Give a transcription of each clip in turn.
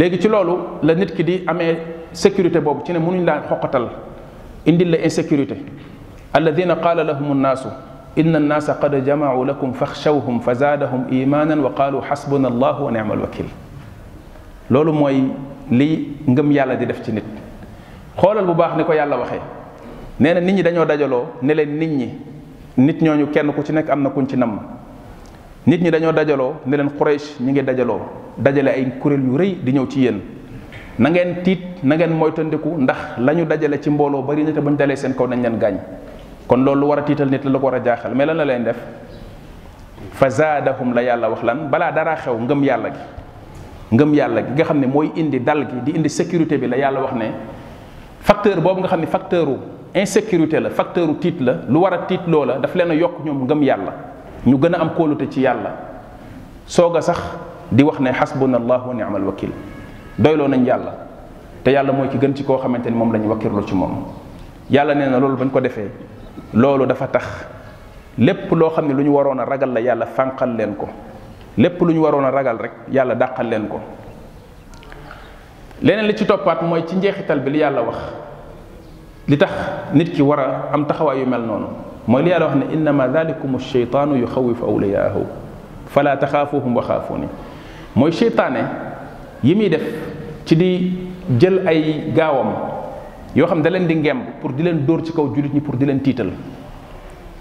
léegi ci loolu la nit ki di amee sécurité boobu ci ne mënuñ laa xoqatal indil la insécurité alladina qaala lahum nnaasu inna annaasa qad jamacu lakum faxshawhum fa zaadahum imaanan wa qaalu xasbuna allahu wa nicma alwakil loolu mooy li ngëm yàlla di def ci nit xoolal bu baax ni ko yàlla waxee nee na nit ñi dañoo dajaloo ne leen nit ñi nit ñooñu kenn ku ci nekk am na kuñ ci namm nit ñi dañoo dajaloo ne leen Quraysh ñi ngi dajaloo dajale ay kuréel yu rëy di ñëw ci yéen na ngeen tiit na ngeen moytandiku ndax la ñu dajale ci mbooloo bari na te buñ dalee seen kaw dañu leen gaañ kon loolu lu war a tiital nit la lu ko war a jaaxal mais lan la leen def fa zaadahum la yàlla wax lan balaa dara xew ngëm yàlla gi ngëm yàlla gi nga xam ne mooy indi dal gi di indi sécurité bi la yàlla wax ne facteur boobu nga xam ne facteur u insécurité la facteur u tiit la lu war a tiit loola daf leen a yokk ñoom ngëm yàlla ñu gën a am kóolute ci yàlla soog a sax di wax ne xasbuna allah wa niamal wakil doyloo nañ yàlla te yàlla mooy ki gën ci koo xamante ni moom la ñu wakkirlu ci moom yàlla nee na loolu bañ ko defee loolu dafa tax lépp loo xam ne lu ñu waroon a ragal la yàlla fànqal leen ko lépp lu ñu waroon a ragal rek yàlla dàqal leen ko leneen li ci toppaat mooy ci njeexital bi li yàlla wax li tax nit ki war a am taxawaay yu mel noonu مولي الله انما ذلكم الشيطان يخوف اولياءه فلا تخافوهم وخافوني موي شيطان يمي ديف جل اي غاوام يو خام دالين دي نغيم دور سي كاو جوليت ني بور دي لين تيتال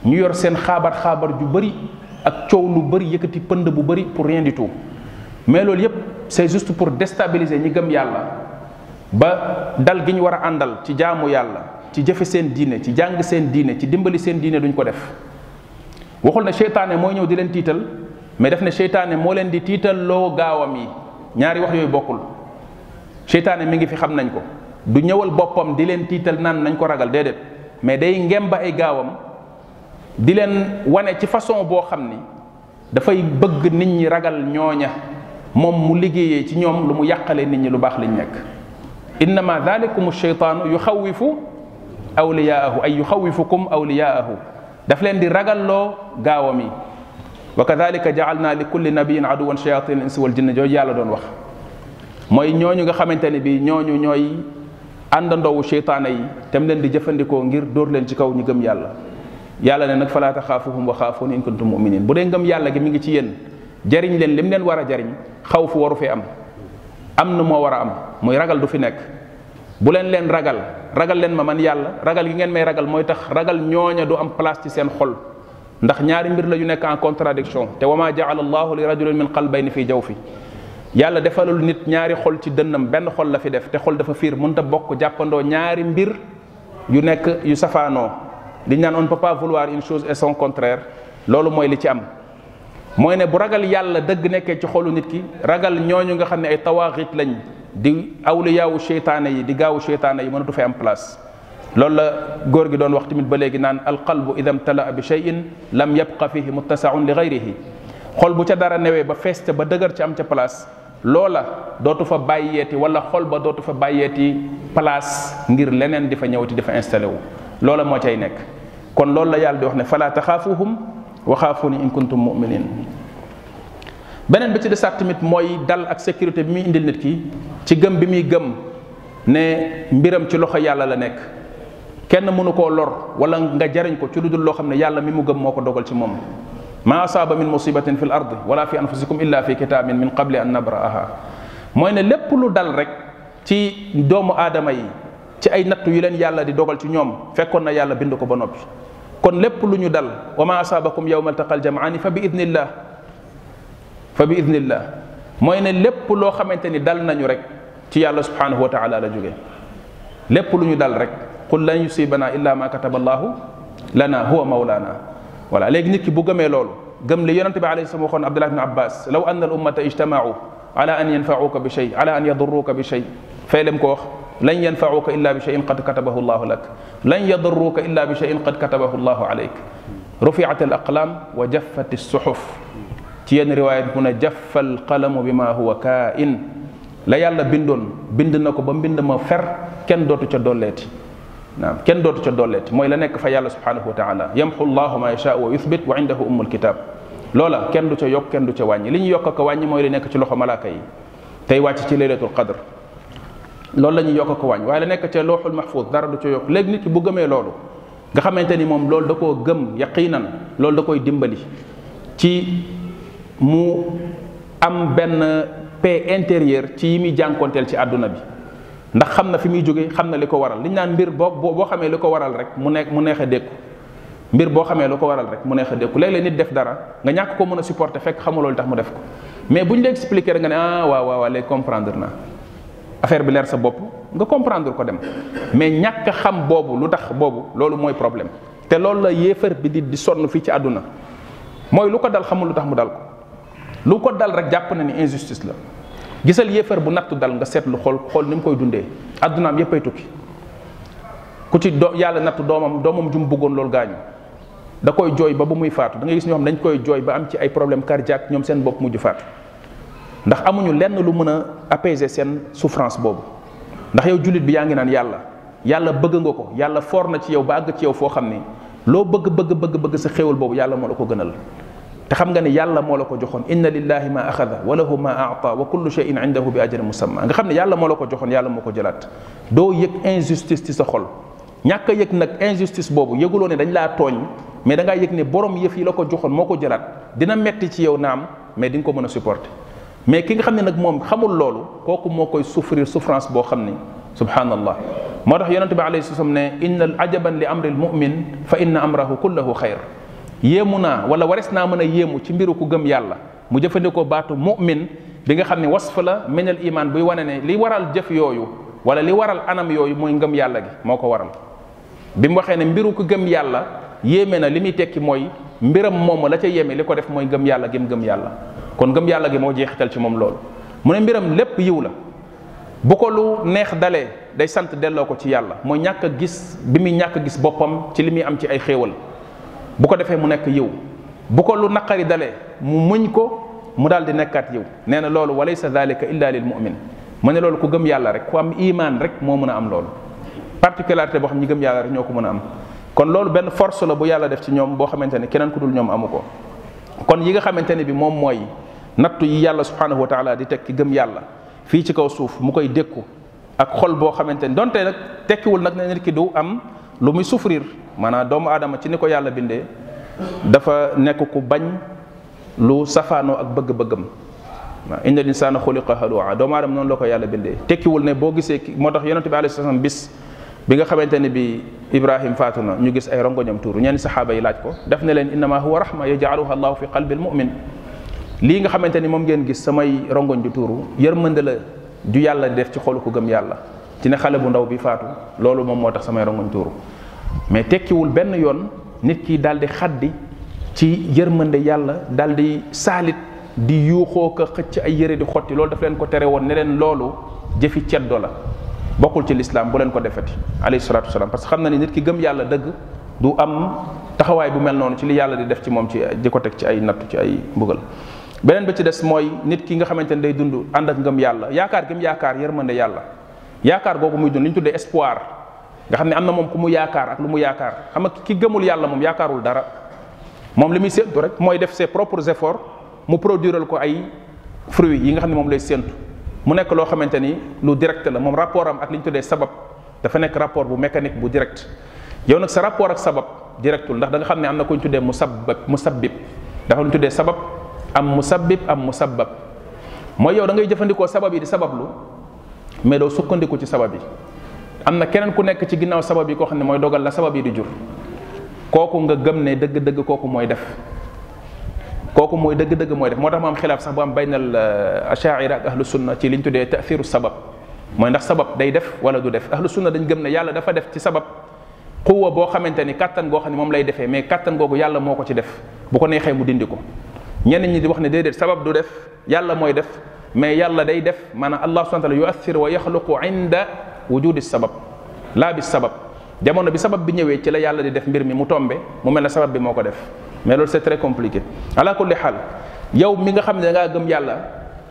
يور سين خابر خابر جو بري اك تيو لو بري ييكتي بند بو بري بور ريان دي تو مي لول سي جوست بور دستابلزي ني يالله با دال گي ني ورا اندال تي ci jëfe seen diine ci jàng seen diine ci dimbali seen diine duñ ko def waxul ne seytaane mooy ñëw di leen tiital mais def ne seytaane moo leen di tiital loo gaawam yi ñaari wax yooyu bokkul seytaane mi ngi fi xam nañ ko du ñëwal boppam di leen tiital naan nañ ko ragal déedéet mais day ngem ba ay gaawam di leen wane ci façon boo xam ni dafay bëgg nit ñi ragal ñooña moom mu liggéeyee ci ñoom lu mu yàqalee nit ñi lu baax lañ nekk innama dalikum sheytaanu yuxawifu awliyaahu ay yuxawifukum awliyaahu daf leen di ragalloo gaawam yi wa kadalika jaalna li kulli nabiyin aduwan shayatin al insi wal jinne jooju yàlla doon wax mooy ñooñu nga xamante ne bi ñooñu ñooy àndandoowu cheytaane yi tem leen di jëfandikoo ngir dóor leen ci kaw ñu gëm yàlla yàlla ne nag falaa taxaafuhum wa xaafuun in kuntum muminin bu dee ngëm yàlla gi mi ngi ci yéen jariñ leen lim leen war a jariñ xaw fu waru fee am am na moo war a am muy ragal du fi nekk bu len len ragal ragal len ma man yàlla ragal gi ngeen may ragal moy tax ragal ñoña du am place ci seen xol ndax ñaari mbir la yu nekk en contradiction te wama jaala allahu li rajulin min qalbayn fi jawfi yàlla defalul nit ñaari xol ci dënam ben xol la fi def te xol dafa fiir ta bokk jappando ñaari mbir yu nekk yu safano li naan on peut pas vouloir une chose et son contraire lolu moy li ci am moy ne bu ragal yàlla deug nekk ci xolu nit ki ragal ñoñu nga xamne ay tawaghit lañ di awliyaawu seytaane yi di gaaw seytaane yi mënatu fi am place loolu la gor gi doon wax timit ba légui nan al qalbu ida mtalaa bi shay'in lam yabqa fihi muttasaun li ghayrihi xol bu ca dara newe ba fees ca ba deugar ci am ca place loola dootu fa bàyyeeti wala xol ba dootu fa bàyyeeti place ngir leneen di fa ñëwati di fa installé wu loola moo cay nekk kon loolu la yàlla di wax ne fala taxaafuhum wa xaafuni in kuntum muminin benen bi ci dessat tamit moy dal ak sécurité bi mi indil nit ki ci gëm bi mi gëm ne mbiram ci loxo yàlla la nek kenn mënu ko lor wala nga jarign ko ci luddul lo xamné yàlla mi mu gëm moko dogal ci mom ma asaba min musibatin fil l ardi wala fi anfusikum illa fi kitabin min qabli an nabraha moy ne lépp lu dal rek ci doomu adama yi ci ay nattu yu len yàlla di dogal ci ñom fekkon na yàlla bind ko ba noppi kon lépp lu ñu dal wa ma asaabakum yawma altaqal jamaani fa bi idnillah فبإذن الله موين لب لو خمنتني دال نورك رك تي الله سبحانه وتعالى لا جوغي لب لو دال رك قل لن يصيبنا الا ما كتب الله لنا هو مولانا ولا ليك نيت كي بوغامي لي يونت عليه السلام خون عبد الله بن عباس لو ان الامه اجتمعوا على ان ينفعوك بشيء على ان يضروك بشيء فلم كوخ لن ينفعوك الا بشيء قد كتبه الله لك لن يضروك الا بشيء قد كتبه الله عليك رفعت الاقلام وجفت الصحف ci yenn riwaayat mu ne jaffal qalamu bi ma huwa kaa'in la yàlla bindoon bind na ko ba mbind ma fer kenn dootu ca dolleeti naam kenn dootu ca dolleeti mooy la nekk fa yàlla subhanahu wa taala yamxu llahu ma yashaa wa yuthbit wa indahu ummul kitab loola kenn du ca yokk kenn du ca wàññi li ñu yokk ko wàññi mooy li nekk ci loxo malaaka yi tey wàcc ci laylatul qadr loolu la ñuy yokk ko wàññi waaye la nekk ca looxul mahfuz dara du ca yokk léegi nit ki bu gëmee loolu nga xamante ni moom loolu da koo gëm yaqinan loolu da koy dimbali ci mu am ben paix intérieure ci yi jankontel ci aduna bi ndax xamna fi mi jóge xamna liko waral liñ nane mbir boo bo xamé liko waral rek mu nek mu nexe dekk mbir bo xamé liko waral rek mu nexe dekk dékku nit def dara nga ñak ko mëna supporter fek xamul li tax mu def ko mais buñ ñu expliquer nga ne ah wa wa wa léegi comprendre na affaire bi leer sa bop nga comprendre ko dem mais ñak xam bobu lutax bobu boobu moy problème te loolu la yéfer bi di di sonn fii ci aduna moy lu ko dal xamul lutax mu dal ko lu ko dal rek jàpp na ni injustice la gisal yéefar bu nattu dal nga seetlu xool xool ni mu koy dundee addunaam yépp ay tukki ku ci do yàlla nattu doomam doomam ju buggoon loolu gaañu da koy jooy ba bu muy faatu da ngay gis ñoo xam dañ koy jooy ba am ci ay problème cardiaque ñoom seen bopp mujj faatu ndax amuñu lenn lu mën a apaiser seen souffrance boobu ndax yow jullit bi yaa ngi naan yàlla yàlla bëgg nga ko yàlla foor na ci yow ba àgg ci yow foo xam ni loo bëgg bëgg bëgg bëgg sa boobu yàlla moo la ko gënal te xam nga ne yàlla moo la ko joxoon inna lillahi ma axada wa lahu ma aata wa kullu cheyin indahu bi ajrin musamma nga xam ne yàlla moo la ko joxoon yàlla moo ko jëlaat doo injustice ci sa xol ñàkk a yëg injustice boobu yëguloo dañ la togn mais da nga yek ne borom yëf yi la ko joxoon moo ko dina metti ci yow naam mais di ko meuna supporter mais ki nga xam ne nag moom xamul lolu koku mo koy souffrir souffrance bo xam ni subhanallah moo tax yonente bi alayhi salaam ne inna ajaban li amri almumin fa inna amrahu kullahu xayr yéemu naa wala wares naa mën a yéemu ci mbiru ku gëm yàlla mu jëfandikoo baatu mu'min bi nga xam ne fa la meñal imaan buy wane ne li waral jëf yooyu wala li waral anam yooyu mooy ngëm yàlla gi moo ko waral bi mu waxee ne mbiru ku gëm yàlla yéeme na li muy tekki mooy mbiram moom la ca yéeme li ko def mooy ngëm yàlla gi mu gëm yàlla kon ngëm yàlla gi moo jeexital ci moom loolu mu ne mbiram lépp yiw la bu ko lu neex dalee day sant delloo ko ci yàlla mooy ñàkk a gis bi muy ñàkk gis boppam ci li muy am ci ay xéewal bu ko defee mu nekk yiw bu ko lu naqari dalee mu muñ ko mu daal di nekkaat yiw nee na loolu walaysa dalika illa lil mumin mu ne loolu ku gëm yàlla rek am imaan rek moo mën a am loolu particularité boo xam ñi gëm yàlla rek ñoo ko mën a am kon loolu benn force la bu yàlla def ci ñoom boo xamante ne keneen ku dul ñoom amu ko kon yi nga xamante ne bi moom mooy nattu yi yàlla subhanahu wa taala di tekki gëm yàlla fii ci kaw suuf mu koy dékku ak xol boo xamante ne donte nag tekkiwul nag ne nit ki du am lu muy souffrir maanaam doomu aadama ci ni ko yàlla bindee dafa nekk ku bañ lu safaanoo ak bëgg-bëggam waaw inna linsaana xuliqa halua doomu aadama noonu la ko yàlla bindee tekkiwul ne boo gisee moo tax yonente bi alayhi salaam bis bi nga xamante ne bi ibrahim faatu na ñu gis ay rongoñam tuuru ñenn saxaaba yi laaj ko def ne leen innama huwa rahma yajaaluha allahu fi qalbi almumin lii nga xamante ni moom ngeen gis samay rongoñ ju tuuru yërmande la ju yàlla def ci xolu ko gëm yàlla ci ne xale bu ndaw bi faatu loolu moom moo tax samay rongoñ tuuru mais tekkiwul benn yoon nit ki daal di xaddi ci yërmande yàlla daal di saalit di yuuxoo ko xëcc ay yëre di xotti loolu daf leen ko tere woon ne leen loolu jëfi ceddo la bokkul ci lislaam bu leen ko defeti alayhi salaatu wasalaam parce que xam na ni nit ki gëm yàlla dëgg am taxawaay bu mel noonu ci li yàlla di def ci moom ci di ko teg ci ay nattu ci ay mbugal beneen ba ci des mooy nit ki nga xamante ne day dund ànd ak ngëm yàlla yaakaar gi mu yaakaar yërmande yàlla yaakaar googu muy dund li ñu tuddee espoir nga xam ne am na moom ku mu yaakaar ak lu mu yaakaar xam nga ki gëmul yàlla moom yaakaarul dara moom li muy séntu rek mooy def see propres efforts mu produiral ko ay fruits yi nga xam ne moom lay séntu mu nekk loo xamante ni lu direct la moom rapport am ak li ñu tuddee sabab dafa nekk rapport bu mécanique bu direct yow nag sa rapport ak sabab directul ndax da xam ne am na ku ñu tuddee musabab musabbib dafa lu ñu tuddee sabab am musabbib am musabbab mooy yow da ngay jëfandikoo sabab yi di sabablu mais doo sukkandiku ci sabab yi amna na keneen ku nekk ci ginnaaw sabab yi koo xam ne mooy dogal la sabab yi di jur kooku nga gëm ne dëgg-dëgg kooku mooy def kooku mooy dëgg-dëgg mooy def moo tax mu am xilaaf sax bu am baynal achaira ak ahlu sunna ci liñ tuddee taathiru sabab mooy ndax sabab day def wala du def ahlu sunna dañ gëm ne yàlla dafa def ci sabab quwa boo xamante ni kàttan goo xam ne moom lay defee mais kàttan googu yàlla moo ko ci def bu ko neexee mu dindi ko ñenn ñi di wax ne déedéet sabab du def yàlla mooy def mais yàlla day def maanaam allah subhanahu wa taala yuathir wa yaxluqu inda وجود السبب لا بالسبب جامون بسبب بي نيوي تي لا يالا دي ديف مير مي مو تومبي مو ملنا سبب بي موكو ديف مي لول سي تري كومبليكي على كل حال يوم ميغا خامني داغا گم يالا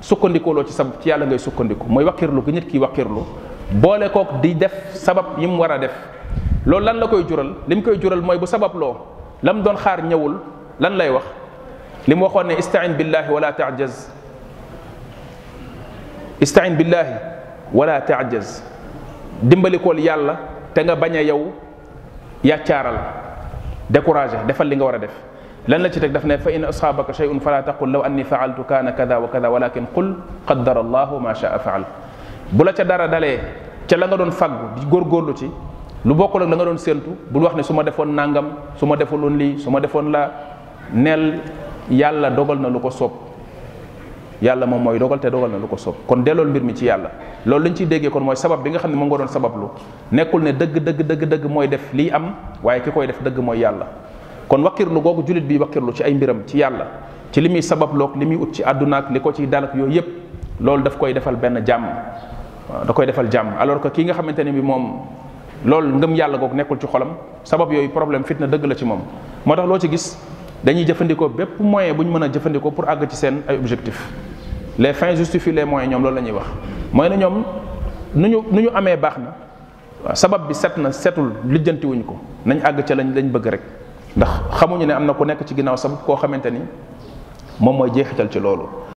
سوكانديكو لو تي سبب تي يالا غاي سوكانديكو موي وكيرلو كي نيت كي وكيرلو بوله كوك دي ديف سبب يم ورا ديف لول لان لاكوي جورال ليم كوي جورال موي بو سبب لو لام دون خار نيول لان لاي واخ ليم واخون ني استعين بالله ولا تعجز استعين بالله ولا تعجز dimbalikool yàlla te nga bañ a yow yàccaaral découragé defal li nga war a def lan la ci teg daf ne fa in asxaabaka shay'un fala taqul law anni faaltu kaana kada wa kada walakin qul qaddara allahu ma shaa faal bu la ca dara dalee ca la nga doon faggu di góorgóorlu ci lu bokkul ak la nga doon séentu bul wax ne su ma defoon nangam su ma defuloon lii su ma defoon la neel yàlla dogal na lu ko soob yàlla mom moy dogal te dogal na lu ko soob kon delol mbir mi ci yàlla lolou lañ ci déggé kon moy sabab bi nga xamni mo ngi doon sabab lu nekkul ne deug deug deug deug moy def li am waye kiko def deug moy yàlla kon lu gogu julit bi lu ci ay mbiram ci yàlla ci limi sabab lok limi ut ci aduna ak liko ci dalak yoy yep lolou daf koy defal ben jam da koy defal jam alors que ki nga xamanteni bi mom loolu ngeum yàlla googu nekul ci xolam sabab yoy problème fitna deug la ci mom motax lo ci gis dañuy jëfëndiko bépp moyen bu mëna jëfëndiko pour ag ci sen ay objectif les fins justifient les moyens ñoom loolu la wax mooy ne ñoom nu ñu nu ñu amee baax na sabab bi set na setul lijjantiwuñu ko nañ àgg ca lañ lañ bëgg rek ndax xamuñu ne am na ku nekk ci ginnaaw sabab koo xamante ni moom mooy jeexital ci loolu